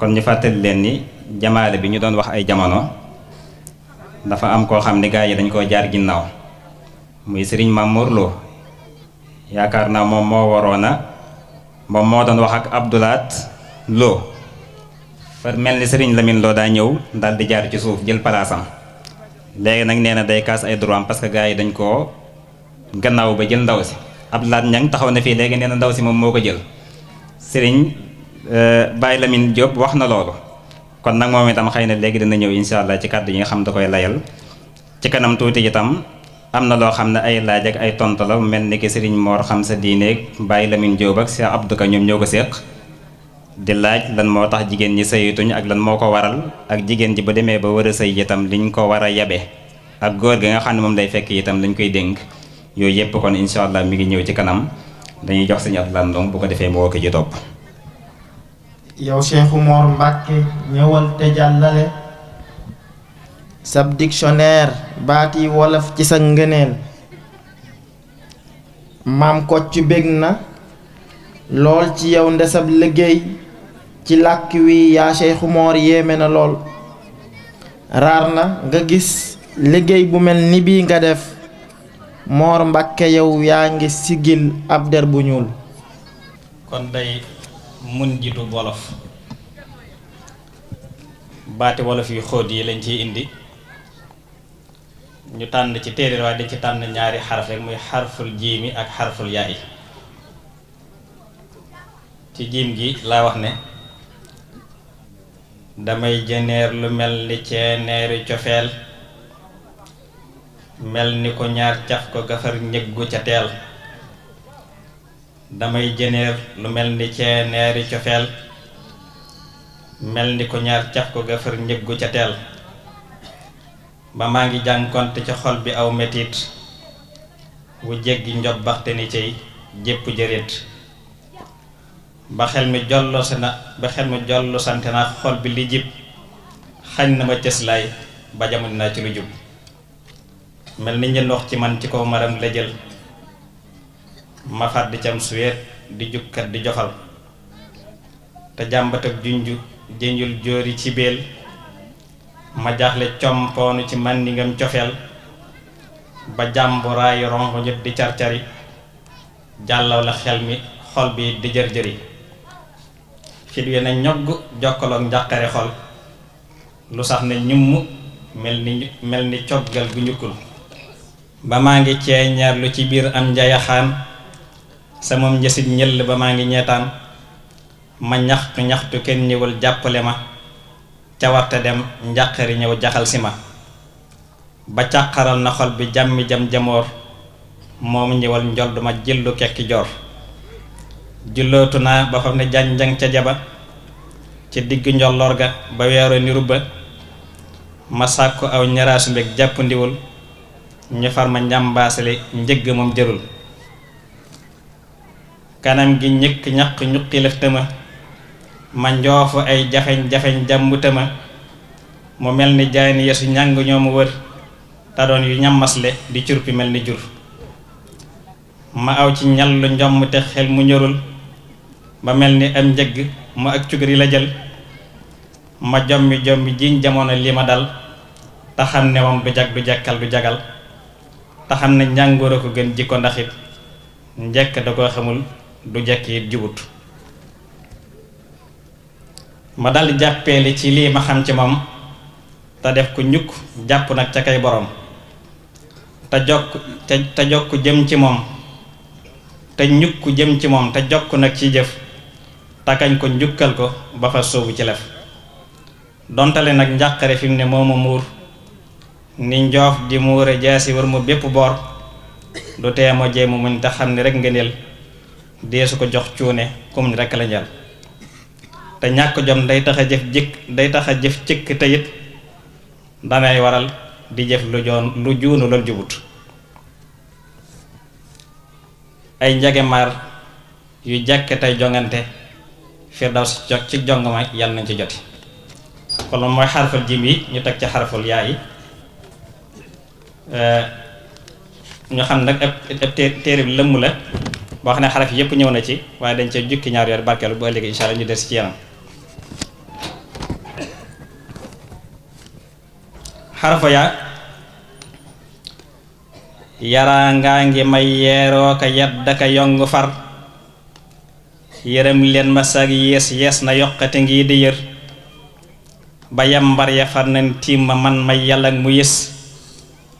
kon ñu fàttali leen ni jamale bi ñu doon wax ay jamono dafa am koo xam ne gars yi dañ koo jaar ginnaaw muy sëriñ Mamour Lo yaakaar naa moom moo waroon moom moo doon wax ak Abdoulaat Lo far mel ni sëriñ Lamine Lo daa ñëw daal di jaar ci suuf jël palaasam léegi nag nee na day kaas ay droit parce que gars yi dañ ko gannaaw ba jël ndaw si ab laat ñang taxaw na fii léegi nee na ndaw si moom moo ko jël sëriñ euh, Baye Lamine Diop wax na loolu kon nag moom itam xëy na léegi dina ñëw incha allah ci kàddu yi nga xam da koy layal ci kanam tuuti itam am na loo xam ne ay laaj ay tontu la mel ni ki sëriñ Mor xam sa diineeg Baye Lamine Diop ak Cheikh Abdou Ka ñoom ñoo ko séq di laaj lan moo tax jigéen ñi sëyituñ ak lan moo ko waral ak jigéen ji bu demee ba war a sëy itam liñ ko war a yabe ak góor gi nga xam ne moom lay fekk itam lañ koy dénk yooyu yëpp kon incha allah mi ngi ñëw ci kanam dañuy jox sëñ Abdoulaye Ndong bu ko defee moo ko ci topp. yow Cheikh Oumar Mbacke ñëwal te jàllale. sab dictionnaire baati wolof ci sa ngëneel. maam Kocc bég na. lool ci yow ndesab liggéey ci làkk wi yaa Cheikh Oumar yéeme na lool. raar na nga gis liggéey bu mel ni bii nga def. moor mbàkke yow yaa ngi sigil ab der bu ñuul kon day mun jitu wolof baati wolof yu xóot yi lañ ci indi ñu tànn ci téeréer waaye dañ ci tànn ñaari xaraf rek muy xarful jiimi ak xarful yaay ci jiim gi laa wax ne damay jëneer lu mel ni ceeneeri cofeel mel ni ko ñaar caf ko gafar ñëggu ca teel damay jëneer lu mel ni ceeneeri cofeel mel ni ko ñaar caf ko gafar ñëggu ca teel ba maa ngi jànkonte ca xol bi aw metit wu jéggi njob baxte ni cey jépp jëreet ba xel mi jollo sa na ba xel mi jollo naa xol bi li jib xañ na ma cëslaay ba jamono naa ci lu mel ni njënd wax ci man ci kaw maram la jël ma fàdd cam suweet di jukkat di joxal te jàmbat ak junju jënjul jóori ci béel ma jaaxle compoonu ci man ni ngam cofeel ba jàmburaayu rongo di car-cari jàllaw xel mi xol bi di jër-jëri fit wi na ñogg jokkaloog njàqare xol lu sax ne ñumm mel ni mel ni coggal gu ñukkul ba maa ngi ceey ñaarlu ci biir am njayaxaan sa moom njësit ñëll ba maa ngi ñeetaan ma ñaxtu ñaxtu kenn ñëwal jàppale ma cawarte dem njàqari ñëw jaxal si ma ba càqaral na xol bi jàmmi jam jamoor moom ñëwal njold ma jëllu kekki joor jullootu naa ba xam ne janjang ca jaba ci diggu njolloor ga ba weeru ni rubba ma sàkku aw ñaraasu jàppandiwul ñu ma njàmbaasale njëgg moom jërul kanam gi ñëkk ñaq ñuqi lëf ma njoofu ay jafeñ-jafeñ jàmbu tëma mu mel ni jaay ni yesu ñàng ñoo wër ta yu ñammasle di curpi mel ni jur ma aw ci ñallu njomm te xel mu ñorul ba mel ni am njëgg mu ak cugari la jël ma jommi jommi jiñ jamono li ma dal te xam ne moom du jag du jekkal du jagal te xam ne njàngoor a ko gën jikko ndax it njekk da koo xamul du jekk it jubut ma dal jàppeeli ci lii ma xam ci moom te def ko ñukk jàpp nag ca kay boroom te jokk te te jokk jëm ci moom te ñukk jëm ci moom te jokk nag ci jëf takkañ ko njukkal ko ba fa sóobu ci lef dontale nag njàqare fi mu ne mooma muur ni njoof di muure jaasi war mu bépp boor du tee moo jéem muñ te xam ne rek ngëneel dee su ko jox cuune kum rekk la njal te ñàkk jom day tax a jëf jëkk day tax danay waral di jëf lu joon lu juunu loolu jubut ay njagemaar yu jàkke tey jongante firdaws ci jong ma yàlla nañ ci joti kon mooy xarfal jim yi ñu teg ci xarfal yaa yi ñu euh, xam nag ab ab téere bi lëmm la boo xam ne xaraf yëpp ñëw na ci waaye dañ cee jukki ñaar yoon barkeelu bu ëllëgee incha allah ñu des ci yanam xarafa yaa yaraa ngaa ngi may yeeroo ka yadda ka yong far yërëm leen ma sag yees yees na yokkate ngi di yër ba yambar ya far nañ tiim ma man may yàlla mu yës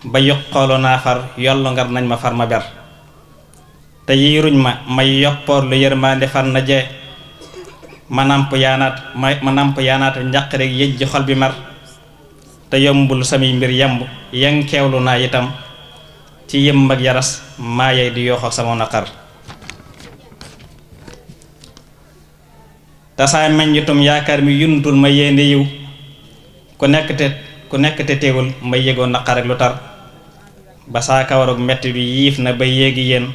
ba yoqooloo naa far yollu ngar nañ ma far ma ber te yiiruñ ma may yoppoor lu yërmaande far na jee ma nàmp yaanaat ma ma nàmp yaanaat njàqare yëj ji xol bi mar te yombul samay mbir yemb yankeewlu naa itam ci yëmm ak yaras maa yey di yooxoo sama naqar tasaa meññitum yaakaar mi yundul ma yéene yiw ku nekk te ku nekk te teewul may yëgoon naqar lu tar ba saa kawarug metti bi yiif na ba yéegi yéen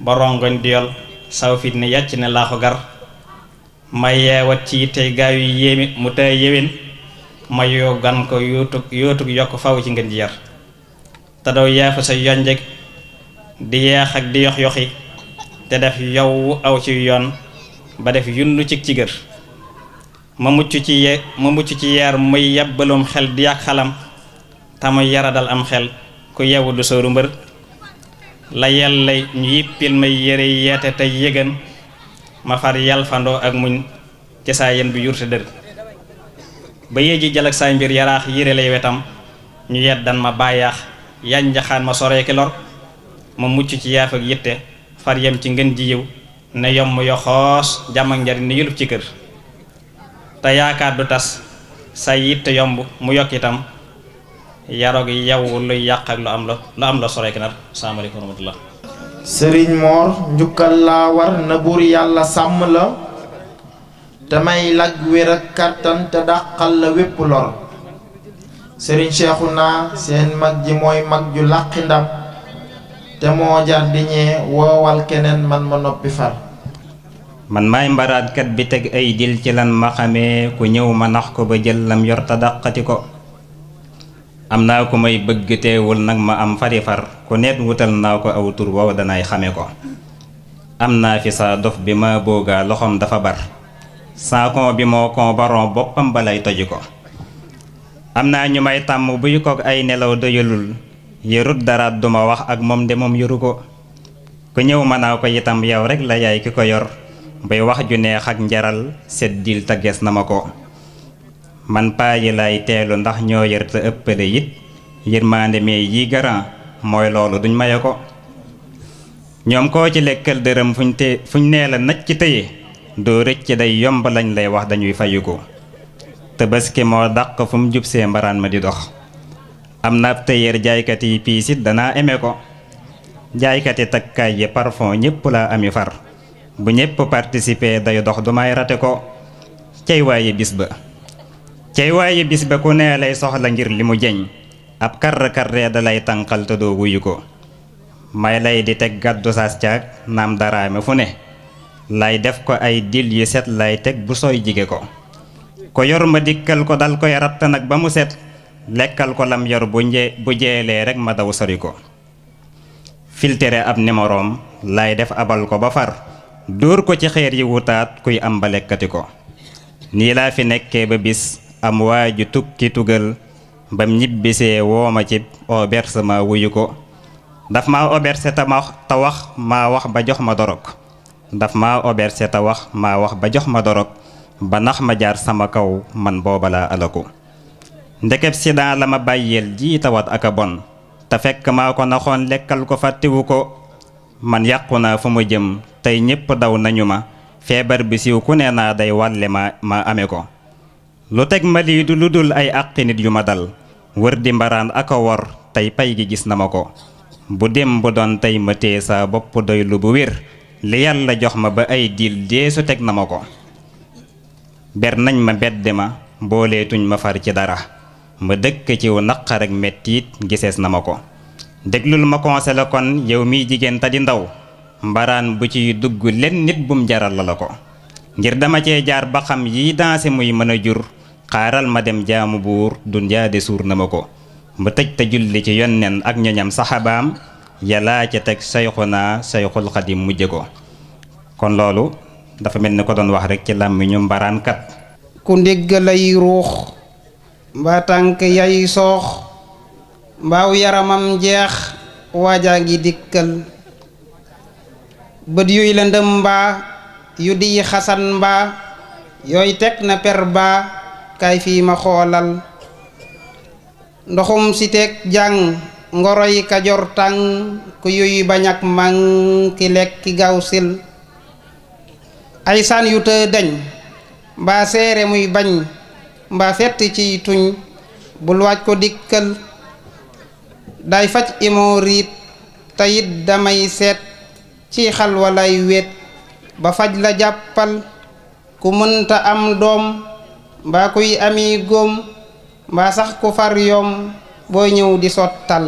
ba rongoñ di saw fit ne yàcc ne laa ko gar ma yeewat ci tey gaa yu mu tey yéwén ma yoo ko yootug yokk faw ci ngeen ji yar te doo sa yonjeg di yeex ak di yox yoxi te def yow aw ci yoon ba def yundu cig ci gër ma mucc ci ye ma mucc ci yeer muy yàbbalum xel di yàq xalam te muy yaradal am xel ku yewu du sóoru mbër la yàlla ñu yippil may yére yeete tey yëgan ma far yalfandoo ak muñ ci saa yen bi yurte dër ba yéeji jalak saay mbir yaraax yére lay wetam ñu yeddan ma bàyyaax yànjaxaan ma soree ki lor ma mucc ci yaaf ak yitte far yem ci ngën ji yiw ne yomb yoxoos jàmm ni yulub ci kër te yaakaar du tas sa yitt yomb mu yokk itam yaroog yow luy yàq ak lu am la lu am la sorek nar salaamaaleykum sëriñ moor njukkal laa war na buur yàlla sàmm la te may lag wér ak te dàqal la wépp lor sëriñ seexu naa seen mag ji mooy mag ju làqi te moo jar woowal keneen man ma noppi far man maay mbaraatkat bi teg ay dil ci lan ma xamee ku ñëw ma nax ko ba jël lam yor ta dàqati ko am naa ko may bëgg teewul nag ma am fari far ku neet wutal naa ko aw tur wow danaay xame ko am naa fi sa dof bi ma boogaa loxoom dafa bar saakon bi moo kon baron boppam balay toji ko am naa ñu may tàmm buy kook ay nelaw doyalul yërut dara duma wax ak moom de moom yoru ko ku ñëw ma naa ko itam yow rek la yaay ki ko yor bay wax ju neex ak njaral seddil ta gees na ma ko man paaji lay teelu ndax ñoo yër te ëppale it yërmaande mee yi garan mooy loolu duñ maye ko ñoom koo ci lekkal dërëm fuñ te fuñ nee la naj ci tëye doo rëcc day yomb lañ lay wax dañuy fayu ko tabaski moo dàq fu mu jub see mbaraan ma di dox am na ab tëyeer jaaykat yi piisit danaa eme ko jaaykati takkaay yi parfon ñépp laa ami far bu ñëpp participer day dox du may rate ko cey waaye bis ba cey waaye bis ba ku nee lay soxla ngir li mu jeñ ab karr-karree da lay tànqal te doo wuyu ko may lay di teg gàddu saas caag naam daraame fu ne lay def ko ay dil yu set lay teg bu sooy jige ko ko yor ma dikkal ko dal koy ratt nag ba mu set lekkal ko lam yor bu jeelee rek ma daw sori ko filtere ab numéroom lay def abal ko ba far dóor ko ci xeer yi wutaat kuy am balekkati ko nii laa fi nekkee ba bis am waa ju tukki tugal ba ñibbisee wooma ci oberse ma wuyu ko daf ma oberse ta ma ta wax maa wax ba jox ma dorog daf maa oberse ta wax maa wax ba jox ma dorog ba nax ma jaar sama kaw man booba laa alaku ndekeb sida la ma bàyyeel jii tawat ak bon te fekk maa ko naxoon lekkal ko fàttewu ko man yàqu naa fu ma jëm tey ñépp daw nañu ma feebar bi siiw ku ne naa day wàlle ma ma amee ko lu teg ma lii du lu dul ay àqi nit yu ma dal wër di mbaraan aka wor tey pay gi gis na ma ko bu dem bu doon tey ma téye sa bopp doy lu bu wér li yàlla jox ma ba ay diil deesu teg na ma ko ber nañ ma bedd ma booleetuñ ma far ci dara ma dëkk ciw naqar ak mettiit gisees na ma ko déglul ma conseillé kon yow miy jigéen ta di ndaw mbaraan bu ciy dugg len nit bum jaral la ko ngir dama cee jaar ba xam yi danse muy mën a jur xaaral ma dem jaamu buur dunyaa de suur na ma ko mu tëj te julli ci yonnen ak ñoñam saxabaam yàllaa ca teg naa sayxul xadim mujj ko kon loolu dafa mel ni ko doon wax rek ci làmmiñu mbaraankat ku ndigg lay ruux mbaa tànk yay soox mbaaw yaramam jeex waajaa ngi dikkal bët yuy lëndëm mbaa yu di xasan mbaa yooy teg na per baa kaay fii ma xoolal ndoxum si jàng ngoroy kajor tàng ku yuy bañak mang ki lekk gaaw sil ay saan yu të dañ mbaa seere muy bañ mbaa fett ciy tuñ bul waaj ko dikkal day faj imooriit tayit damay seet ci xal walay wet ba faj la jàppal ku mënta am doom mbaa kuy ami góom mbaa sax ku far yoom booy ñëw di sottal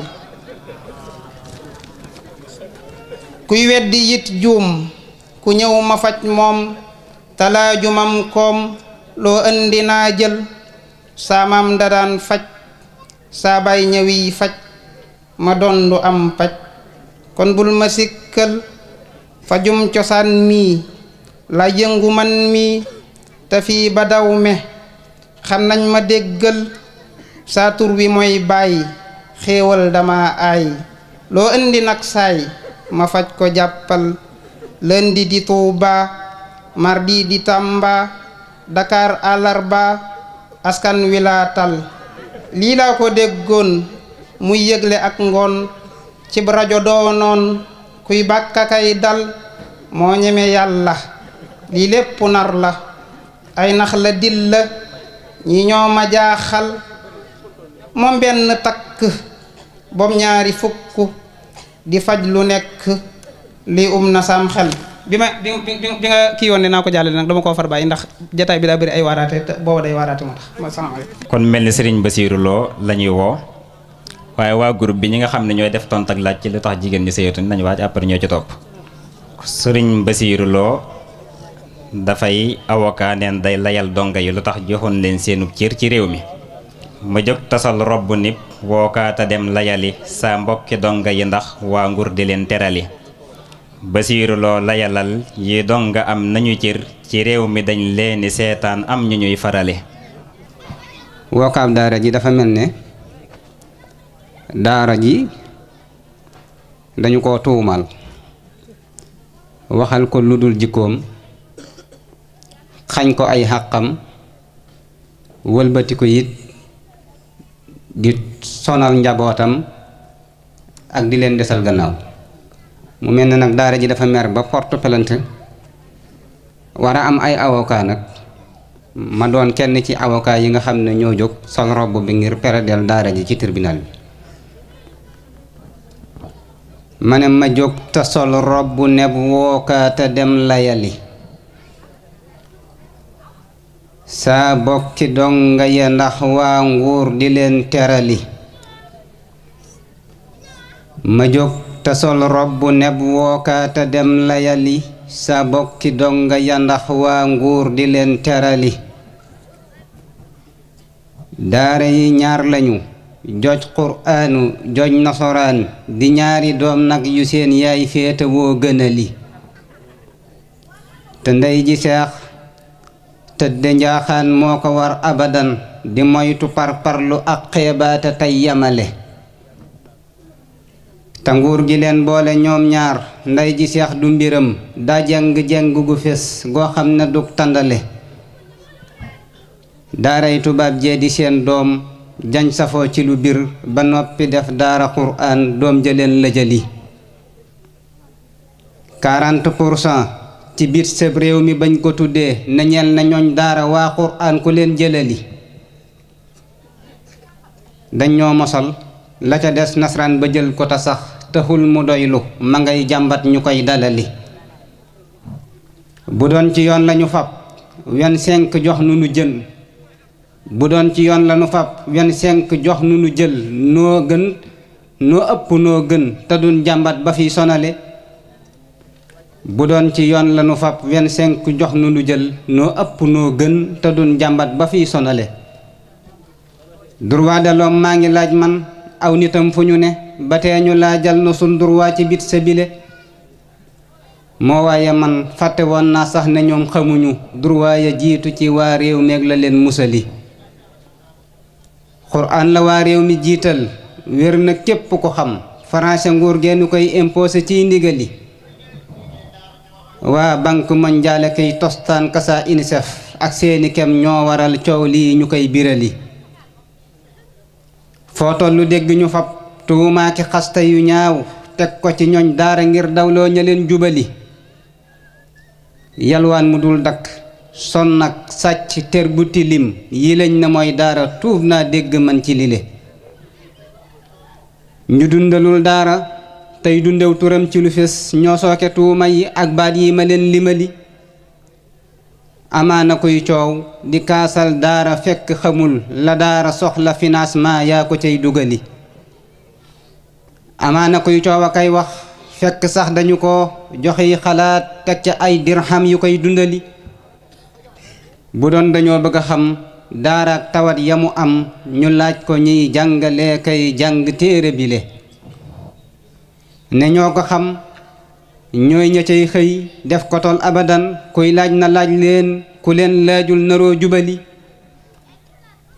kuy weddi yit juum ku ñëw ma faj moom talaajumam koom loo indi naa jël saamam da daan faj saa bay ñëwiy faj ma doon du am paj kon bul ma sikkal fajum cosaan mii la jëngu man mii te fii ba daw me xam nañ ma déggal saatur tur wi mooy bàyyi xéewal dama ay loo indi nag saay ma faj ko jàppal lundi di Tuuba mardi di Tàmba Dakar àllarba askan wi laa tal lii laa ko déggoon muy yëgle ak ngoon cib rajo doonoon kuy bàkkakay dal moo ñeme yàlla lii lépp nar la ay nax la dil la ñi ñoo ma jaaxal moom benn takk bom ñaari fukk di faj lu nekk li um na sam xel bi ma bi bi nga kii yoon ne naa ko jàllale nag dama koo far bàyyi ndax jataay bi daa bëri ay waaraate te booba day waaraate moo tax kon mel ni Serigne Bassirou Lo la ñuy woo waaye waa groupe bi ñi nga xam ne ñooy def tont ak laaj ci lu tax jigéen ñi sëyatuñ nañu waaj après ñoo ci topp sëriñ Basiiru dafay avocat day layal dongo yi lu tax joxoon leen seenu cër ci réew mi mu jóg tasal robb nib wookaata dem layali sa mbokki donga yi ndax waa nguur di leen terali Basiiru layalal yi donga am nañu cër ci réew mi dañ leeni seetaan am ñu ñuy farale wookaab daara ji dafa mel ne daara ji dañu ko tuumal waxal ko lu dul jikkoom xañ ko ay xàqam wëlbati ko it di sonal njabootam ak di leen desal gannaaw mu mel ne nag daara ji dafa mer ba porte plainte war a am ay awokaa nag ma doon kenn ci avocat yi nga xam ne ñoo jóg sol robb bi ngir peredel daara ji ci tribunal bi ma ne ma jóg te sol robb neb wookaa te dem layali saa bokki donga ya ndax waa nguur di leen terali ma jóg te sol neb wookaa te layali saa bokki donga ya ndax waa nguur di leen terali daara yi ñaar lañu jooj quraanu jooj nosoraan di ñaari doom nag yu seen yaay féete woo gënali te ndey ji seex tëdde njaaxaan moo ko war abadan di moytu parparlu ak xeebaate tey yamale te nguur gi leen boole ñoom ñaar ndey ji seex du mbiram daa jeng-jeng gu fés goo xam ne dug tàndale daaray tubaab jee seen doom jañ safoo ci lu bir ba noppi def daara quraan doom jëleen la jëli ci biir sëb réew mi bañ ko tuddee nañeel na ñooñ daara waa quraan ku leen jëlali dañ mosal la ca des nasaraan ba jël ko sax taxul mu doylu ma ngay jàmbat ñu koy dalali bu doon ci yoon lañu fab wen cinq jox nu nu jën bu doon ci yoon la nu fab vingt-cinq jox nu nu jël noo gën noo ëpp noo gën te duñ jàmbat ba fi sonale bu doon ci yoon lanu nu fab vingt-cinq jox nu nu jël noo ëpp noo gën te duñ jàmbat ba fi sonale droit de maa ngi laaj man aw nitam fu ñu ne ba tee ñu laajal nu sun droit ci bit sa bile moo waaye man fàtte woon naa sax ne ñoom xamuñu droit ya jiitu ci waa réew meeg la leen musali Qur'an la waa réew mi jiital wér na képp ko xam français nguur genn koy imposé ci ndigali waa banque mondiale kay tostaan kasa UNICEF ak seeni kem ñoo waral coow lii ñu koy birali foo tollu dégg ñu fab tuumaaki xasta yu ñaaw teg ko ci ñoñ daara ngir dawloo ña leen jubali yalwaan mu dul dakk son nag sàcc ter bu lim yi lañ na mooy daara tuub naa dégg man ci lile ñu dundalul daara tey dundew turam ci lu fés ñoo sooke tuuma yi ak baat yi ma leen limali amaana kuy coow di kaasal daara fekk xamul la daara soxla financement yaa ko cay dugali amaana kuy coow a kay wax fekk sax dañu ko joxi xalaat teg ca ay dirham yu koy dundali bu doon dañoo bëgg a xam daaraak tawat ya mu am ñu laaj ko ñuy jàngale kay jàng téere bile ne ñoo ko xam ñooy ña cay xëy def ko abadan kuy laaj na laaj leen ku leen laajul naroo jubali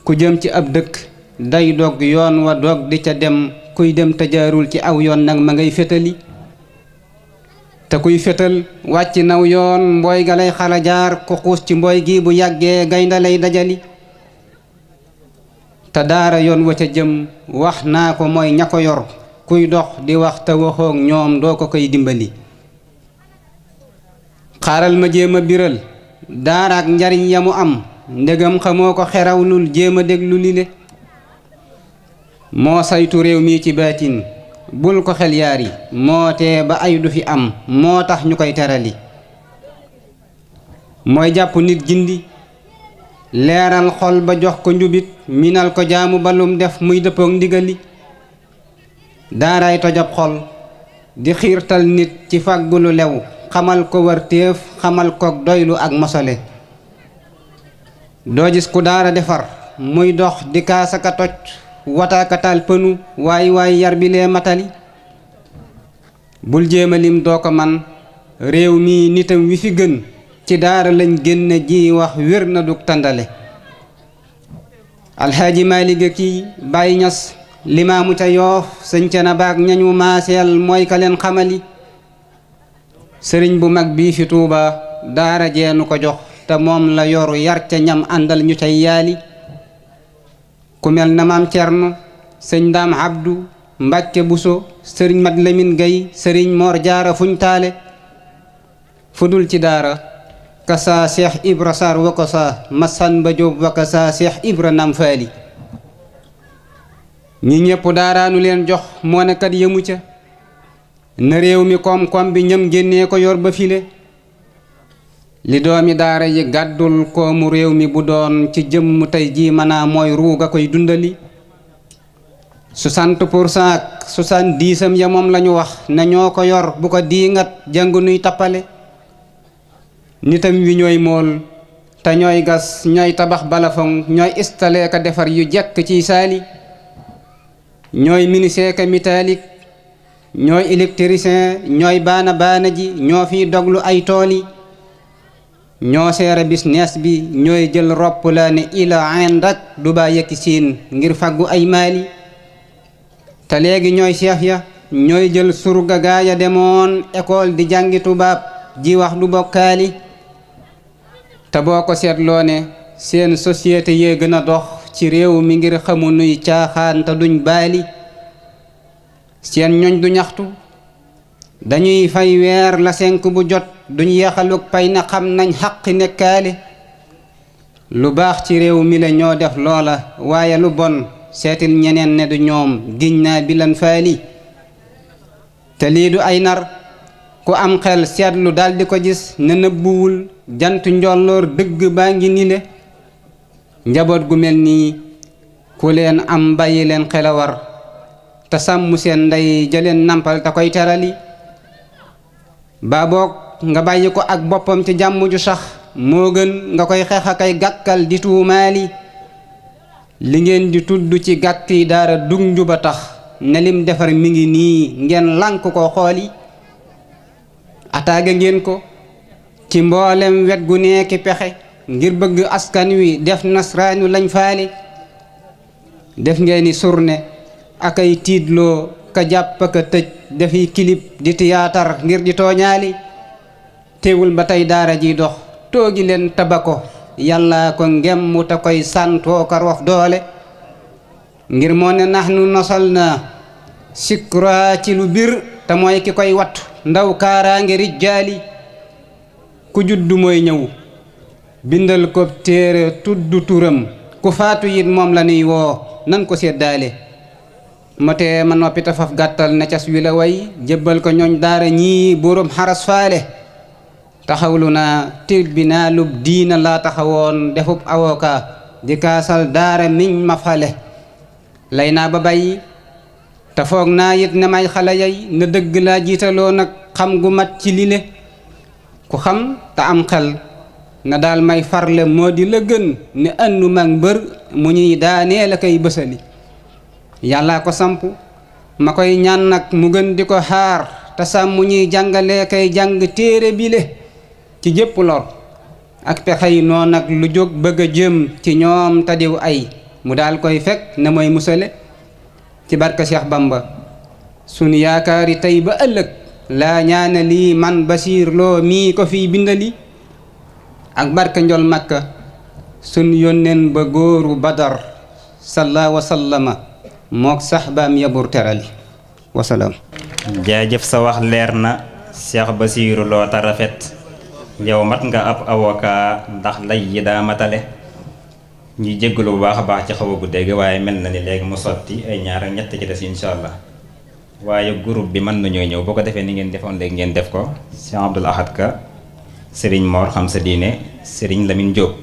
ku jëm ci ab dëkk day dog yoon wa dog di ca dem kuy dem te jaarul ci aw yoon nag ma ngay fétali te kuy fétal wàcc naw yoon mbooy ga lay xala jaar ku xuus ci mbooy gi bu yàggee gaynda lay dajali te daara yoon wa ca jëm wax naa ko mooy ña ko yor kuy dox di wax te waxoog ñoom doo ko koy dimbali xaaral ma jéem a biral daara njariñ ya mu am ndegam xamoo ko xerawlul jéema a déglu lile moo saytu réew mi ci baatin bul ko xel yaar yi moo tee ba ay du fi am moo tax ñu koy terali mooy jàpp nit gindi leeral xol ba jox ko njubit minal ko jaamu balum def muy dëppook ndigali daaray tojab xol di xiirtal nit ci fàggu lew xamal ko wartéef xamal ko doylu ak mosole doo ku daara defar muy dox di kaasaka toj wataakatal pënu waay waay yar bi matali bul jéema doo ko man réew mii nitam wi fi gën ci daara lañ génne ji wax wér na dug tàndale alxaaji maaliga kii bàyyi ñas limaamu ca yoof sëñce na baag ñañu maaseel mooy ka leen xamali sëriñ bu mag bii fi tuuba daara jeenu ko jox te moom la yoru yar ca ñam àndal ñu cay yaali ku mel na maam Cerno sëñ Ndaam Abdu Mbàkke Buso sëriñ Mat Lamin Gay sëriñ Moor Jaara fuñ taale fudul ci daara kasaa Seex Ibra Saar wakasaa Masan Ba Jóob wakasaa Seex Ibra Nam Faali ñi ñépp daaraanu leen jox moo ne kat ca na réew mi koom-koom bi ñam génnee ko yor ba file li doomi daara yi gàddul koomu réew mi bu doon ci jëmm tey jii maanaam mooy ruuga koy dundali 60 pour cent ak 70 am ya moom lañu wax ne ñoo ko yor bu ko diingat jàngu nuy tappale nitam wi ñooy mool te ñooy gas ñooy tabax balafong ñooy installé ka defar yu jekk ci saali ñooy ministre ka métallique ñooy électricien ñooy baana baana ji ñoo fiy doglu ay tool yi ñoo seere business bi ñooy jël ropp la ne ila ind ak Duba yëkki siin ngir faggu ay maali te léegi ñooy chef ya ñooy jël surga gaa demoon ekool di jàngi tubaab ji wax du bokkaali te boo ko seetloo ne seen société yee gën a dox ci réew mi ngir xamu nuy caaxaan duñ baali seen ñoñ du ñaxtu dañuy fay weer la senk bu jot duñ yeexalug pay na xam nañ xaqi nekkaali lu baax ci réew mi la ñoo def loola waaye lu bon seetil ñeneen ne du ñoom giñ naa bi lan faali te lii du ay nar ku am xel seetlu daldi ko gis ne nëbbuwul jant njolloor dëgg baa ngi nile njaboot gu mel nii ku leen am bàyyi leen xel a war te sàmm seen ndey jëleen nampal te koy terali baa nga bàyyi ko ak boppam ci jàmm ju sax moo gën nga koy xeex a koy gàkkal di tuumaali li ngeen di tudd ci gàkk yi daara dung ju ba tax ne lim defar mi ngi nii ngeen lànk ko xool yi ataaga ngeen ko ci mboolem wet gu nekki pexe ngir bëgg askan wi def nasraanu lañ faale def ngeen di surne ak ay tiitloo ka jàpp ka tëj dafiy kilib di tiyaatar ngir di tooñaali teewul ba tey daara ji dox toogi leen taba ko yàlla ko ngemm koy santoo ka rof doole ngir moo ne nu nosal na sikra ci lu bir te ki koy wattu ndaw kaaraange rijjaali ku juddu mooy ñëw bindal ko téere tudd ku faatu moom la woo nan ko seddaale motee ma noppi te faf gàttal ne cas wi la way jébbal ko ñooñ daara ñii boroom xaras faale taxawlu naa tribunalub diina laa taxawoon defub avocat di kaasal daara miñ ma fale lay naa ba bay te naa it ne may xale yay na dëgg laa jiitaloo nag xam gu mat ci lile ku xam te am xel na daal may farle moo di la gën ne àndu mag mbër mu ñuy daanee la koy bësali yàlla ko samp ma koy ñaan nag mu gën di ko xaar te mu ñuy jàngale kay jàng téere bile ci jëpp lor ak pexey noon nag lu jóg bëgg a jëm ci ñoom tadiw ay mu daal koy fekk ne mooy musale ci barke Cheikh Bamba sunu yaakaari tey ba ëllëg laa ñaana lii man Basiir Lo mii ko fiy bindali ak barke njol Makka sunu yónneen ba góoru Badar sallaa wa sallama mook saxbaam yabur terali wasalaam jaajëf sa wax leer na Cheikh Basirou Lo ta rafet yow mat nga ab avocat ndax lay yi daa matale ñuy jégalu bu baax a baax ci xaw a dégg waaye mel na ni léegi mu sotti ay ñaar ak ñett ci des incha allah waaye groupe bi mën nañoo ñëw boo ko defee ni ngeen defoon léegi ngeen def ko Cheikh Abdoul Ahad sëriñ Serigne xam sa diine Serigne Lamine Diop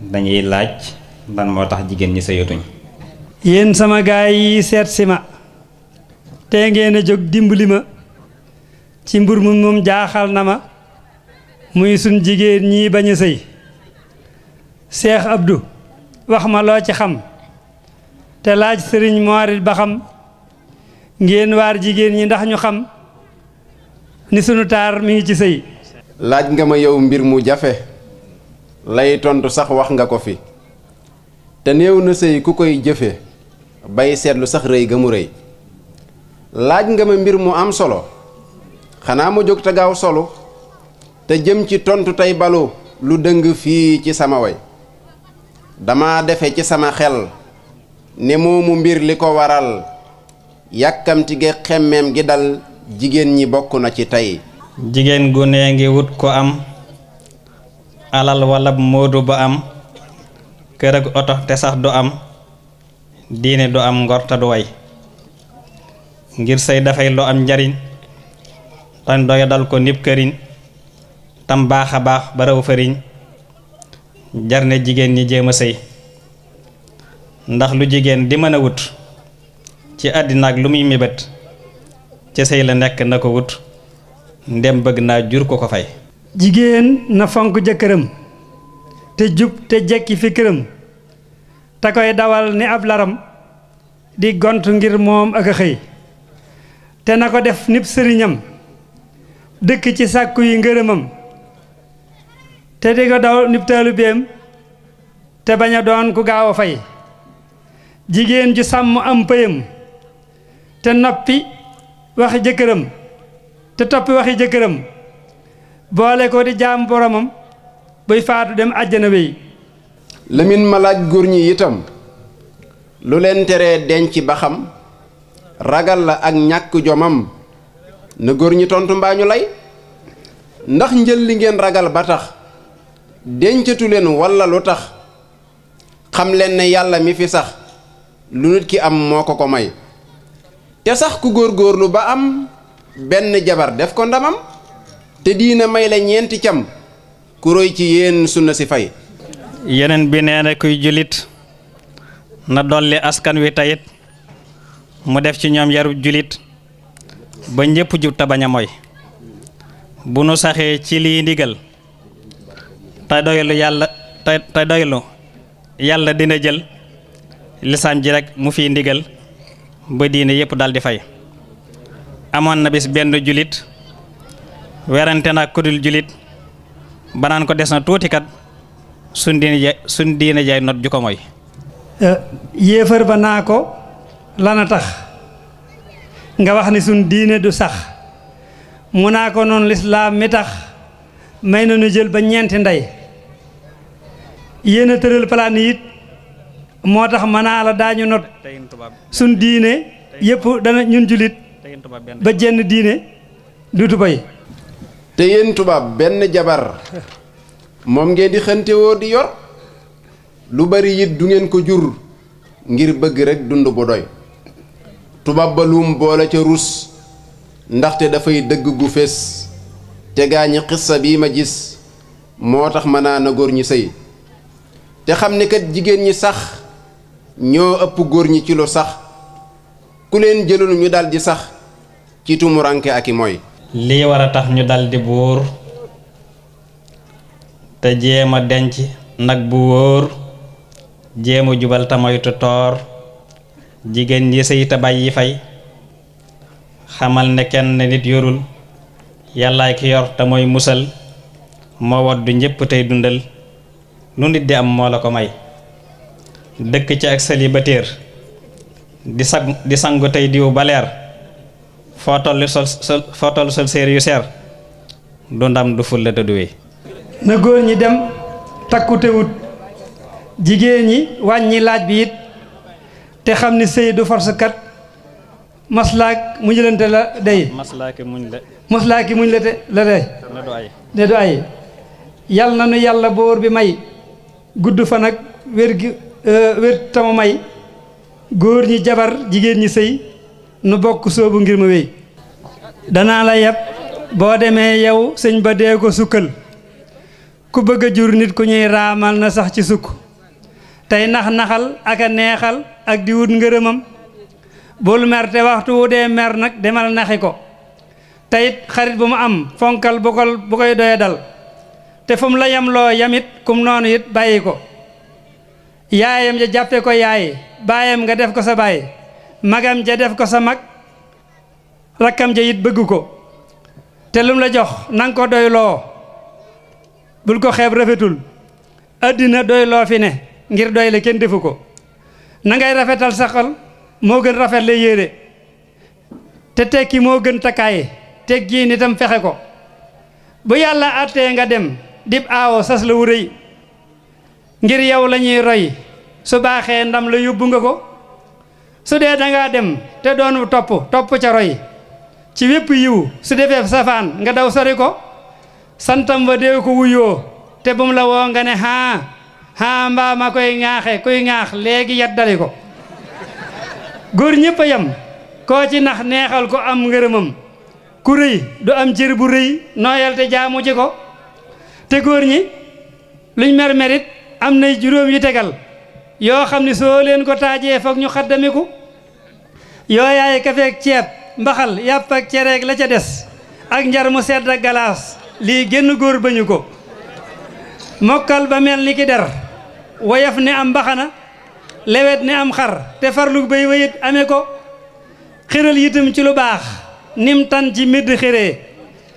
dañuy laaj lan moo tax jigéen ñi sëyatuñ yéen sama gaay yi seetsi si ma tee ngeen a jóg dimbali ma ci mbur mu moom jaaxal na ma muy sun jigéen ñii bañ a sëy Cheikh Abdou wax ma loo ci xam te laaj sëriñ moorit ba xam ngeen waar jigéen ñi ndax ñu xam ni sunu taar mi ngi ci sëy laaj nga ma yow mbir mu jafe lay tontu sax wax nga ko fi te néew na sëy ku koy jëfe bay seetlu sax rëy ga mu rëy laaj nga ma mbir mu am solo xanaa mu jóg te gaaw solo te jëm ci tontu tey balu lu dëng fii ci sama way dama defe ci sama xel ne moomu mbir li ko waral yàkkamti ge xemmeem gi dal jigéen ñi bokk na ci tey jigéen gu nee ngi wut ko am alal wala moodu ba am kër ak oto te sax du am diine du am ngor du way ngir say dafay lu am njariñ tan doya dal ko nipp këriñ tam baax a baax ba fariñ fëriñ jar ne jigéen ñi jéem a sëy ndax lu jigéen di mën a wut ci àddina ak lu muy mébét ca sëy la nekk na ko wut ndem bëgg naa jur ko ko fay jigéen na fonk jëkkëram te jub te jekki fi këram te koy dawal ni ab laram di gont ngir moom ak xëy te na ko def nib sëriñam dëkk ci sàkku yi ngërëmam te di ko daw nib taalibeem te bañ a doon ku gaaw a fay jigéen ju sàmm am pëyam te noppi waxi jëkkëram te toppi waxi jëkkëram boole ko di jaam boromam buy faatu dem àjjana wéy Lamine ma góor ñi itam lu leen teree denc ba xam ragal la ak ñàkk jomam na góor ñi tontu mbaa lay ndax njël li ngeen ragal ba tax dencatu leen walla lu tax xam leen ne yàlla mi fi sax lu nit ki am moo ko ko may te sax ku góor góorlu ba am benn jabar def ko ndamam te diina may la ñeenti cam ku roy ci yéen sunna si fay yeneen bi nee na kuy jullit na dolli askan wi tayit mu def ci ñoom yaru jullit ba ñëpp jub te bañ a mooy bu nu saxee ci lii ndigal te doylu yàlla te doylu yàlla dina jël lislaam ji rek mu fiy ndigal ba diine yëpp dal di fay amoon na bis benn julit werante na kudul julit banaan ko des na tuuti kat suñ diine jaay suñ diine jaay not ju ko mooy eh, yéefar ba naa ko lana tax nga wax ni suñ diine du sax mu naa ko noonu lislaam mi tax may na nu jël ba ñeenti ndey yéen a tëral palaan it moo tax manaa la daañu not suñ diine yëpp dana ñun julit ba jenn diine duutu bay te yéen tubaab benn jabar moom ngeen di xëntewoo di yor lu bari yit du ngeen ko jur ngir bëgg rekk dund bu doy tubaab ba luum boole ca rus ndaxte dafay dëgg gu fees te gaañi xissa bii ma gis moo tax ma naa na góor ñi sëy te xam ne kat jigéen ñi sax ñoo ëpp góor ñi ci lu sax ku leen jëlul ñu daldi sax ci tumuranke ak i mooy war a tax ñu daldi buur te jéem denc nag bu wóor jéem jubal te moytu jigéen ñi sëy te bàyyi fay xamal ne kenn nit yorul yàllaay ki yor te mooy musal moo woddu ñépp tey dundal lu nit di am moo la ko may dëkk ci ak célibataire di sag di sangu tey diw baleer foo tollu sol foo tollu sol séer yu seer du ndam du fulla te na góor ñi dem takkutewut jigéen ñi wàññi laaj bi it te xam ni sëy du force kat mu jëlante la day maslaaki muñ la maslaaki muñ la te yal na nu yàlla boor bi may gudd fa nag wér gi euh, wér tama may góor ñi jabar jigéen ñi sëy nu bokk soobu ngir ma wéy danaa la yab boo demee yow sëñ ba dee ko sukkal ku bëgg a jur nit ku ñuy raamal na sax ci sukk tey nax-naxal ak a neexal ak diwut wut ngërëmam bul mer te waxtu wu dee mer nag demal naxi ko teyit xarit bu mu am fonkal bu koy doye dal te fu la yam loo yamit kum noonu it bàyyi ko yaayam ja jàppe ko yaay baayam nga def ko sa baay magam ja def ko sa mag rakkam ja it bëgg ko te lum la jox nanga ko doy loo bul ko xeeb rafetul addina doy loo fi ne ngir doy le kenn defu ko nangay rafetal sa moo gën rafet la yére te tekki moo gën takkaaye teggiin itam fexe ko bu yàlla àttee nga dem dib aawo sas la wu ngir yow la ñuy roy su baaxee ndam la yóbbu nga ko su dee dangaa dem te doonu topp topp ca roy ci wépp yiw su defee safaan nga daw sori ko santam wa deew ko wuyoo te bum la woo nga ne haa haa mbaa koy ŋaaxe koy ŋaax léegi yaddali ko góor ñëpp a yem koo ci nax neexal ko am ngërëmam ku rëy du am cër bu rëy nooyal te jaamu ci ko te góor ñi luñ mer merit am na juróom yu tegal yoo xam ni soo leen ko taajee foog ñu xaddamiku yoo yaay kafeeg ceeb mbaxal yàpp ak cereeg la ca des ak njar mu sedd galaas lii génn góor bañu ko mokkal ba mel ni ki der woyaf ne am mbaxana lewet ne am xar te farlu bay wayit ko xiral yitam ci lu baax nim tan ci midd xiree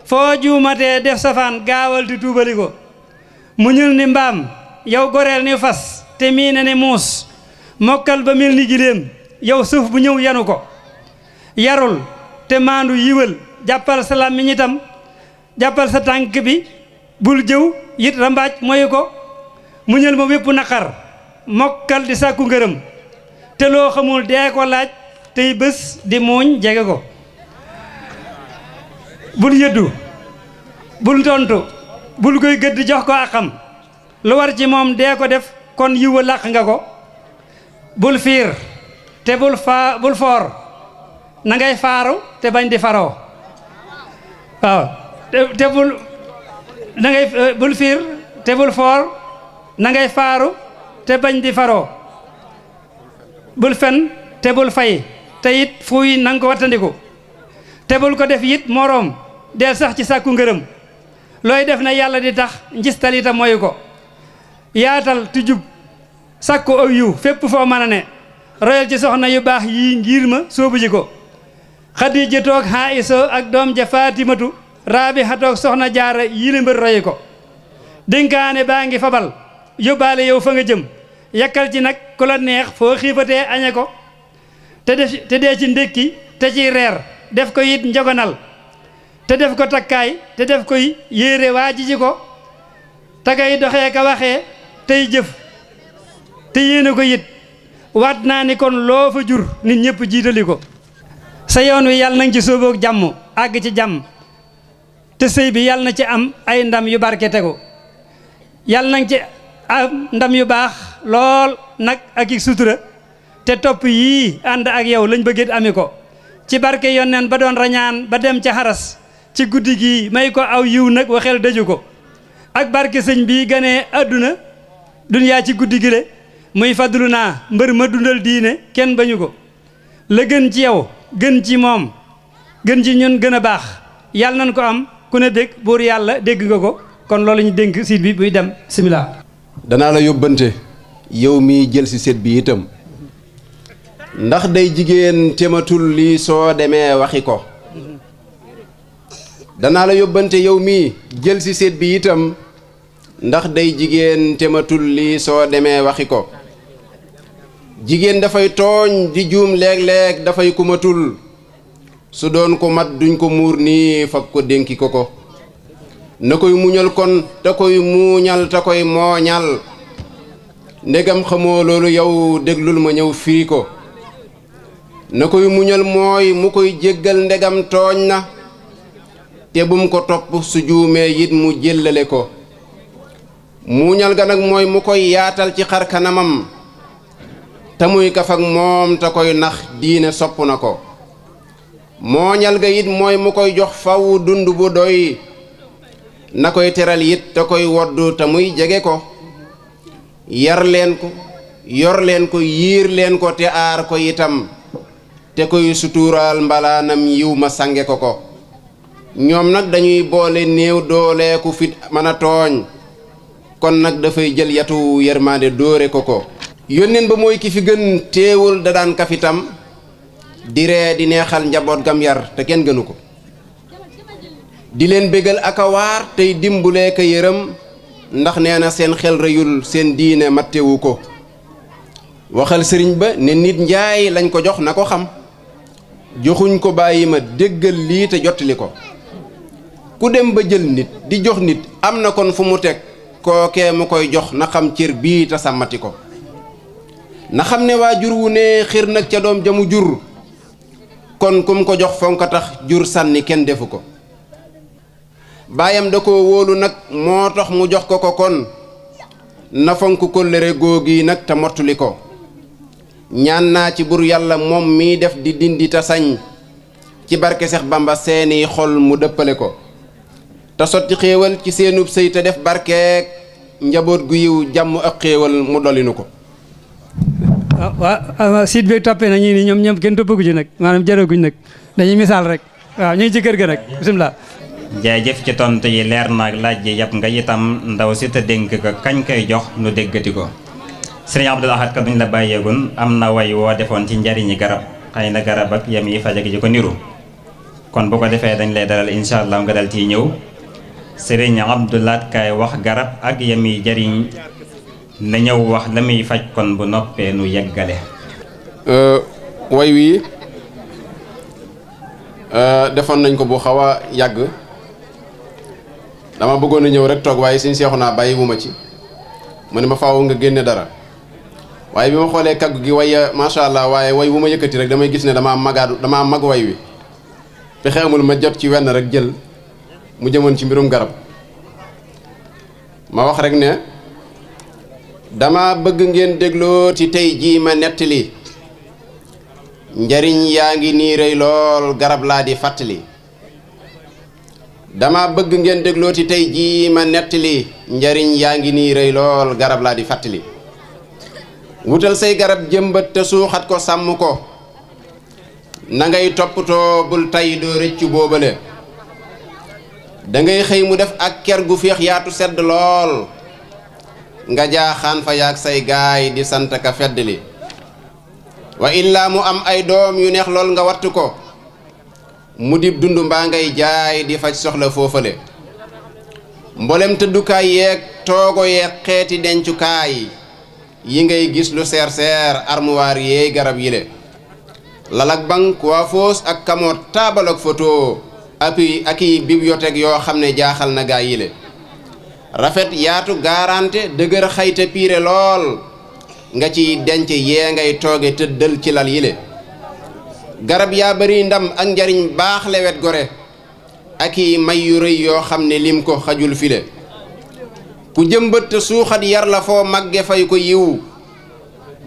foo juumatee def safaan gaawal di tuubali ko mu ñul ni mbaam yow goreel ni fas te mii ne muus mokkal ba mel ni giléem yow sëf bu ñëw yanu ko yarul te maandu yiwal jàppal salaam ñitam jàppal sa tànk bi bul jëw yit rambaaj moyu ko muñal ma wépp naqar mokkal di sàkku ngërëm te loo xamul dee ko laaj tey bés di muuñ jege ko bul yëddu bul tontu bul koy gëdd jox ko àqam lu war ci moom dee ko def kon yiwa làq nga ko bul fiir te bul faa bul foor na ngay faaru te bañ di faroo waaw te te bul na eh, foor na ngay faaru te bañ di faro bul fen fay te it fuuy na nga ko wattandiku te ko def it morom deel sax ci sàkku ngërëm looy def na yàlla di tax njistal itam ko yaatal tu jub sàkku aw yiw fépp ne royal ci soxna yu baax yii ngir ma soobu ji ko xadijatoog xaaisoo ak doom ja faatimatu raabi xatoog soxna jaara yili mbër royi ko dénkaane baa ngi fabal yóbbaale yow fa nga jëm yakkal ci nag ku neex foo xiifatee añe ko te def te dee ci ndékki te ci reer def ko yit njogonal te def ko takkaay te def koy yéere waa ji ko tagay doxee ka tey jëf te yéene ko yit waat naa ni kon loofa fa jur nit ñëpp jiitali ko sa yoon wi yàlla nang ci sóoboog jàmm àgg ci jàmm te sëy bi yàlla na ci am ay ndam yu barke tegu yàlla nañ ci am ndam yu baax lool nag ak i sutura te topp yii ànd ak yow lañ bëggee ami ko ci barke yonneen ba doon rañaan ba dem ca xaras ci guddi gi may ko aw yiw nag waxel daju ko ak barke sëñ bi ganee àdduna dunyaa ci guddi gi le muy fadlu naa mbër ma dundal diine kenn bañu ko la gën ci yow gën ci moom gën ci ñun gën a baax yàlla nañ ko am ku ne dégg buur yàlla dégg nga ko kon loolu ñu dénk siit bi buy dem simila danaa la yóbbante yow mii jël si seet bi itam ndax day jigéen tematul lii soo demee waxi ko danaa la yóbbante yow mii jël si seet bi itam ndax day jigéen tematul lii soo demee waxi ko dafay tooñ di juum léeg-léeg dafay kumatul su doon ko mat duñ ko muur nii fab ko dénki ko ko na koy muñal kon te koy muuñal te koy mooñal ndegam xamoo loolu yow déglul ma ñëw fii ko na koy muñal mooy mu koy jéggal ndegam tooñ na te bum ko topp su juumee it mu jëllale ko muuñal ga mooy mu koy yaatal ci xar kanamam te muy kaf moom ta koy nax diine sopp na ko mooñal ga it mooy mu koy jox fawu dund bu doy na koy teral it te koy woddu te muy jege ko yar leen ko yor leen ko yiir leen ko te aar ko itam te koy suturaal mbalaanam yiw ma sange ko ko ñoom nag dañuy boole néew dooleeku fit mën a tooñ kon nag dafay jël yatu yërmaande dóore ko ko yónneen ba mooy ki fi gën téewul da daan kafitam di ree di neexal njaboot gam yar te kenn gënu ko di leen bégal ak a waar tey dimbulee ko yërëm ndax nee na seen xel rëyul seen diine mattewu ko waxal sëriñ ba ne nit njaay lañ ko jox na ko xam joxuñ ko bàyyi ma déggal lii te jottali ko ku dem ba jël nit di jox nit am na kon fu mu teg kookee mu koy jox na xam cër bii te sàmmati ko na xam ne waa jur wu ne xir nag ca doom jamu jur kon kum ko jox fonk tax jur sànni kenn defu ko baayam da ko wóolu nag moo tax mu jox ko ko kon na fonk kóllëre googi nag te mottuli ko ñaan naa ci bur yàlla moom mii def di dindi ta sañ ci barke Seex Bamba seeni xol mu dëppale ko te sotti xéewal ci seenub sëy te def barkeek njaboot gu yiw jàmm ak xéewal mu dolinu ko waaw ah, ah, ah, site bi toppee na ñii nii ñoom ñoom kenn toppagu ci nag maanaam jaraguñ nag dañuy misaal rek waaw ñu ngi ci kër ga nag bisimilah. jaajëf ci tontu yi leer na ak laaj yi yàpp nga itam ndaw si te dénk ko kañ kay jox nu déggati ko. sëriñ Abdul Ahad ka duñ la bàyyeegun am na way woo defoon ci njariñi garab xëy na garab ak yam yi faj ak ko niru. kon bu ko defee dañ lay daral incha allah nga dal ciy ñëw. sëriñ Abdul Ahad wax garab ak yam yi jariñ na ñëw wax la muy faj kon bu noppee nu yeggale euh, way wii euh, defoon nañ ko bu xaw a yàgg dama bëggoon a ñëw rek toog waaye suñ seexu naa bàyyi ma ci mu ne ma faw nga génne dara waaye bi ma xoolee kaggu gi way macha allah waaye woy wu ma yëkkati rek damay gis ne damaa magaadu dama mag woy wi te ma jot ci wenn rek jël mu jëmoon ci mbirum garab ma wax rek ne dama bëgg ngeen dégloo ci tey jii ma nettali njariñ yaa ngi nii rëy lool garab laa di fàttali dama bëgg ngeen dégloo ci tey jii ma nettali njariñ yaa ngi nii rëy lool garab laa di fàttali wutal say garab jëmbat te suuxat ko sàmm ko na ngay toppatoo bul tay doo rëccu boobale da ngay xëy mu def ak ker gu féex yaatu sedd lool nga jaaxaan fa yaag say gaay di sant ka fedd li wa illaa mu am ay doom yu neex lool nga wattu ko mu dib dund mbaa ngay jaay di faj soxla foofale mboolem tëddukaay yeeg toogo yeeg xeeti dencukaay yi ngay gis lu seer seer armoire yeey garab yile lalak bank coiffeuse ak kamoot taabal ak photo appui ak i yoo xam ne jaaxal na gaay yile rafet yaatu gaarante dëgër xayte piire lool nga ciy denc yee ngay tooge tëddal ci lal yile garab yaa bari ndam ak njariñ baax lewet gore ak i may yu rëy yoo xam ne lim ko xajul file ku jëmbët suuxat yar la foo màgge fay ko yiw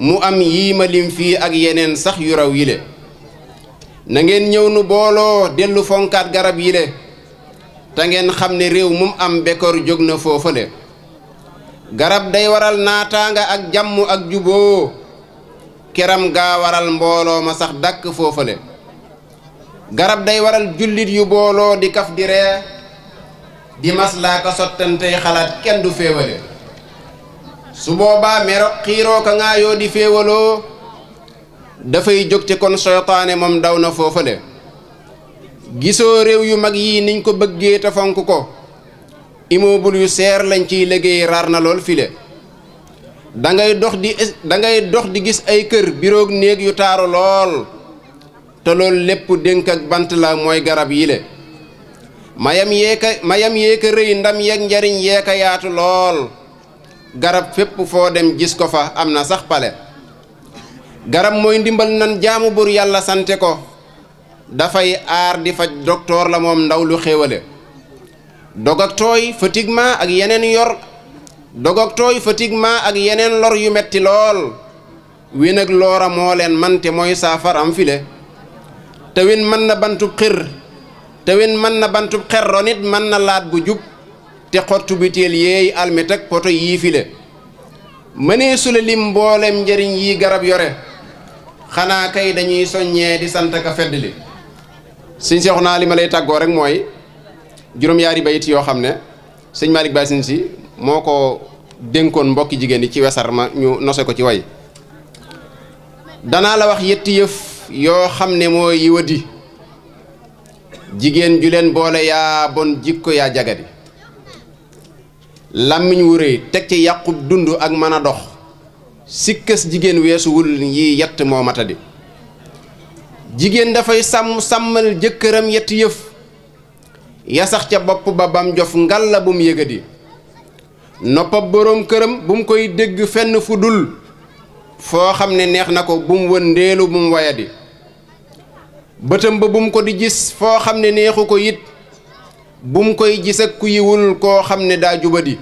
mu am yii ma lim fii ak yeneen sax yu raw yile na ngeen ñëw nu booloo dellu fonkaat garab yile te ngeen xam ne réew mum am bekkoor jóg na foofale garab day waral naataanga ak jàmm ak juboo keram gaa waral mbooloo ma sax dàkk foofale garab day waral jullit yu booloo di kaf di ree di maslaa ka xalaat kenn du féewale su boobaa mero xiiroo ka di féewaloo dafay jóg te kon seytaane moom daw na foofale gisoo réew yu mag yii niñ ko bëggee te ko immeuble yu seer lañ ciy liggéey raar na lool file dangay dox di da dox di gis ay kër biroog néeg yu taaru lool te loolu lépp dénk ak bant la mooy garab yi le mayam yeeka mayam yeeka rëy ndam yeeg njariñ yeeka yaatu lool garab fépp foo dem gis ko fa am na sax pale garab mooy ndimbal nan jaamu bur yàlla sante ko dafay aar di faj docteur la moom ndaw lu xéewale dog ak tooy ak yeneen yor dog ak tooy ak yeneen lor yu metti lool win ak loora moo leen man te mooy saafaram file te win mën na bantub xir te win mën na bantub xerro nit mën na laat bu jub te xottu biteel yeey almet ak poto yii file mënee sula lim mboolem njëriñ yi garab yore xanaa kay dañuy soññee di sant fedd li sëñ seexu naa li ma lay tàggoo rek mooy juróom-yaari bayit yoo xam ne sëñ Malick Bassine si moo ko dénkoon mbokki jigéen yi ci wesar ma ñu nose ko ci way danaa la wax yetti yëf yoo xam ne moo yiwadi jigéen ju leen boole yaa bon jikko yaa jagadi làmmiñ wu rëy teg ci yàqub dund ak mën a dox sikkës jigéen weesuwul yi yett moo matadi jigéen dafay sàmm sàmmal jëkkëram yetti yëf ya sax ca bopp ba bam jof ngal la bum yëgadi noppab boroom këram bum koy dégg fenn fu dul foo xam ne neex na ko bum wën ndéelu bum wayadi bëtam ba bum ko di gis foo xam ne neexu ko it bum koy gis ak ku koo xam ne daa jubadi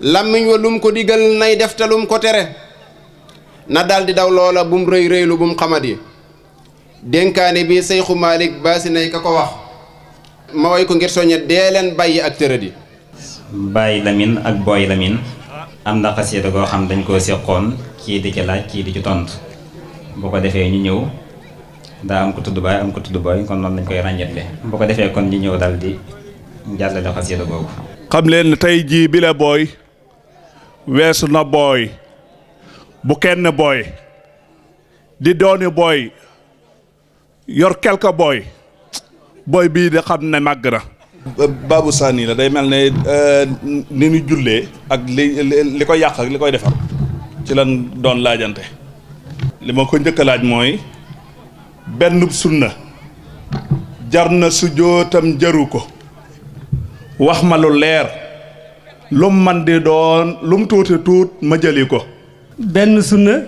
làmmiñ wa lum ko digal nay deftalum ko tere na daldi daw loola bum rëy rëylu bum xamadi dénkaane bi Seyxu Malick Baasi nay ka ko wax ma way ko ngir soññe dee leen bàyyi ak tëradi bàyyi Lamin ak booy Lamin am na xasida koo xam dañ koo séqoon kii di ci laaj kii di ci tontu bu ko defee ñu ñëw daa am ko tudd baay am ko tudd booy kon noonu lañ koy ràññetle bu ko defee kon ñu ñëw daal di jàllale xasida googu xam leen ne tey jii bi la booy weesu na booy bu kenn booy di dooni booy yor quelque booy booy bii de xam ne màgg na. Babou Sani la day mel ne euh, ni ñu jullee ak li li koy yàq li koy defar ci lan doon laajante. li ma ko njëkk a laaj mooy benn sunna jar na su jootam jaru ko wax ma lu leer lum man di doon lum tuuti tuut ma jëli ko. benn sunna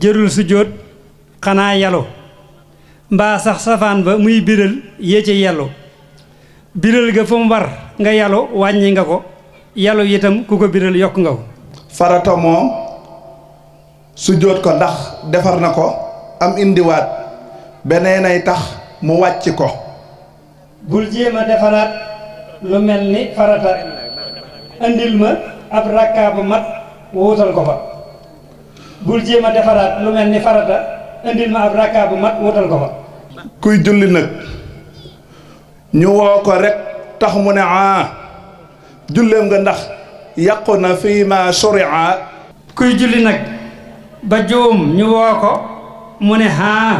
jërul su xanaa yalo mbaa sax safaan ba muy biral yee ca yàllu biral ga war nga yàllu wàññi nga ko yàllu itam ku ko biral yokk nga ko farata moom su ko ndax defar na ko am indiwaat beneenay tax mu wàcc ko bul jéem a defaraat lu mel ni farata andil ma ab rakkaa mat wuutal ko fa bul jéem a defaraat lu mel ni farata indil ma ab rakkaa bu mat wutal ko fa kuy julli nag ñu woo ko rek tax mu ne ah julleem nga ndax yàqu na fii ma sori'a kuy julli nag ba juum ñu woo ko mu ne ah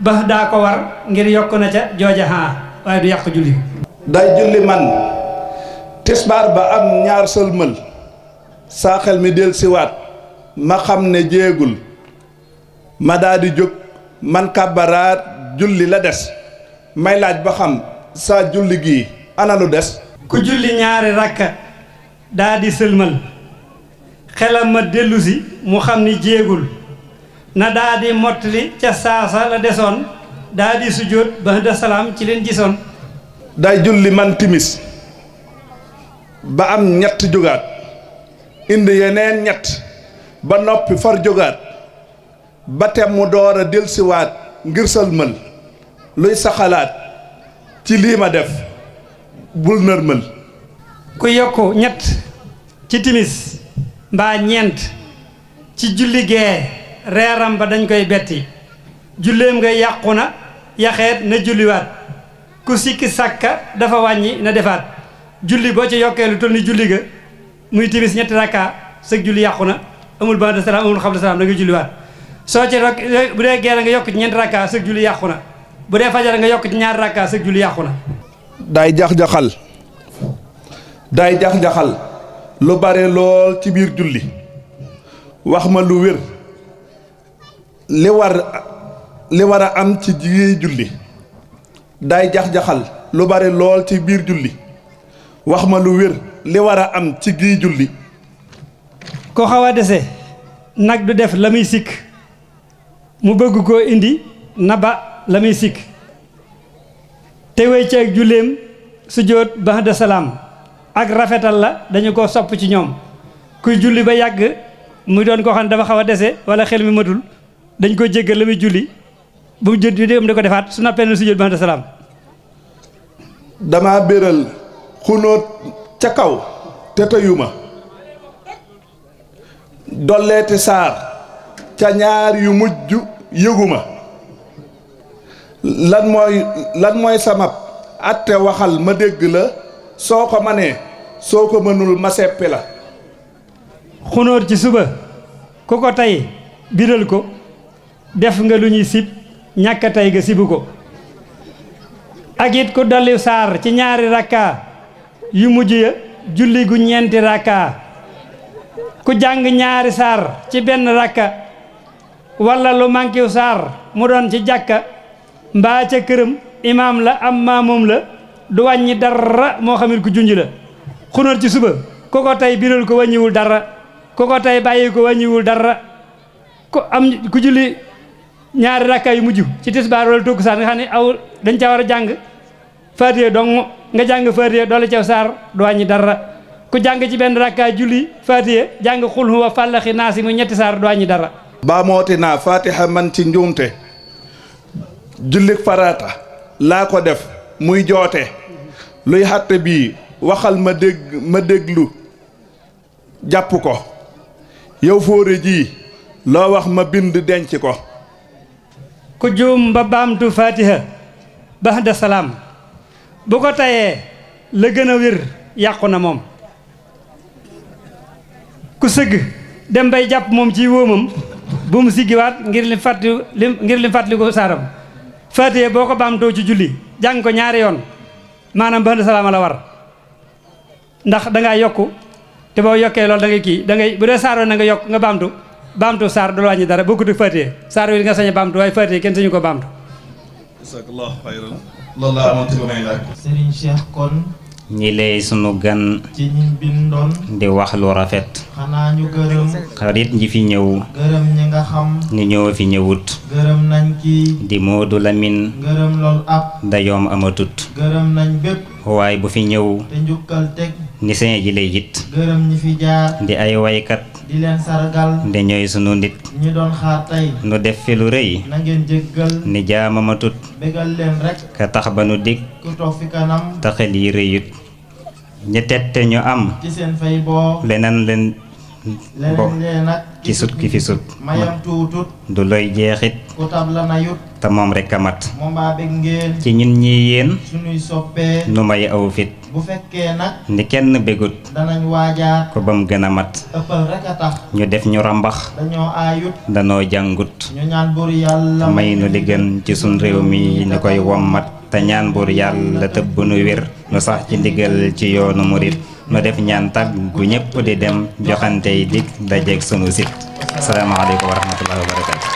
ba daa ko war ngir yokk na ca jooja ah waaye du yàq julli day julli man tisbaar ba am ñaar sëlmal saa xel mi del siwaat ma xam ne jéegul ma daa di jóg man kàbbaraat julli la des may laaj ba xam saa julli gi ana des ku julli ñaari rakka daa sëlmal xelam ma dellusi mu xam ni jéegul na daa di mottali ca saasa la desoon daa di sujjóot ba da ci leen gisoon day julli man timis ba am ñett jógaat indi yeneen ñett ba noppi far jógaat ba tem mu door a delsiwaat ngir mën luy sa xalaat ci lii ma def bul nërmal ku yokk ñett ci timis mbaa ñeent ci julli gee reeram ba dañ koy betti julleem nga yàqu na yaxeet na julliwaat ku sikki sàkka dafa wàññi na defaat julli boo ci yokkee lu toll ni julli ga muy timis ñetti rakka sëg julli yàqu na amul ba'da salaam amul qabla salaam da nga julliwaat soo ci rok bu dee geer nga yokk ci ñeenti rakka sëg julli yàqu na bu dee fajar nga yokk ci ñaar rakka sëg julli yàqu na day jax-jaxal day jax-jaxal lu bare lool ci biir julli wax ma lu wér li war a am ci jigéen julli daay jax lu bare lool ci biir julli wax ma lu wér li war a am ci gii julli ko xaw a dese nag du def la muy sikk mu bëgg ko indi na ba la muy sikk tewee ci ak julleem sujjóot ba ak rafetal la dañu ko sopp ci ñoom kuy julli ba yàgg muy doon koo xam ne dafa xaw a dese wala xel mi matul dañ ko jéggal la muy julli bu mu jël di ko defaat su nappee na sujjóot ba dama béral xunóot ca kaw te tayuma dolleeti saar ca ñaar yu mujj yëguma lan mooy lan mooy atte waxal ma dégg la soo ko manee soo ko mënul ma seppi la xunóor ci suba ku ko tey biral ko def nga lu ñuy sib ñàkk tey nga sibu ko ak it ku dolli saar ci ñaari rakka yu mujj ya julli gu ñeenti rakka ku jàng ñaari saar ci benn rakka wala lu mankiw saar mu doon ci jàkka mbaa ce këram imaam la am maamoom la du wàññi dara moo xamit ku junj la xunóot ci suba ku ko tey biral ko wàññiwul dara ku ko tey bàyyi ko wàññiwul dara ku am ku julli ñaari rakka yu mujj ci tisbaar wala tukkusaan nga xam ne aw dañ ca war a jàng faatiye dong nga jàng faatiye doole caw saar du wàññi dara ku jàng ci benn rakkaa julli faatiye jàng xul huwa fàllaxi naasi mu ñetti saar du wàññi dara baamooti naa fatiha man ci njuumte jullik farata laa ko def muy joote luy xatte bii waxal ma dégg ma déglu jàpp ko yow fóore ji loo wax ma bind denc ko ku juum ba baamtu fatiha baxda salaam bu ko tayee la gën a wér yàqu na moom ku sëgg dem bay jàpp moom ci wóomam bu mu siggiwaat ngir li fàttali ko li fàttaliku saaram faatiye boo ko baamtoo ci julli jàng ko ñaari yoon maanaam ba salaama la war ndax da ngaa yokku te boo yokkee loolu dangay kii da ngay bu dee saaroo na nga yokk nga baamtu baamtu saar du la wàññi dara bokkut ak faatiye saar wi nga sañ a baamtu waaye faatiye kenn sañu ko baamtu. jazakallahu xayran loolu laa amoon laaj. Serigne Cheikh kon. ñi sunu gan. ci ñi bindoon. di wax lu rafet. xanaa ñu xarit ñi fi ñëw. gërëm ñi ñu ñëw fi ñëwut. gërëm nañ kii. di Lamin. gërëm ab. dayoom amatut. gërëm waaye bu fi ñëw. te njukkal ni seen lay it. di ay woykat di leen sargal. nde ñooy sunu nit. ñi doon xaar tey. nu def fi lu rëy. na ngeen ni jaamama tut. bégal leen rek. ka tax ba nu dig. ku toog yi rëyut. ñi tette ñu am. ci seen fay boo. leneen leen. bo ki sut ki fi sut mayam tuutut du looy jeexit ku tab rek a mat ci ñun ñi yéen sunuy soppee nu may aw fit bu fekkee ni kenn bégut. danañ ko ba mu gën a mat. ñu def ñu rambax. dañoo danoo jàngut. ñu ñaan buur yàlla. may nu li gën ci sun réew mi ñu koy wommat te ñaan buur yàlla tëbb nu wér nu sax ci ndigal ci yoonu murit nu def ñaan tàggu ñëpp di dem joxante yi dig dajeeg sunu sit. asalaamaaleykum wa rahmatullahi wa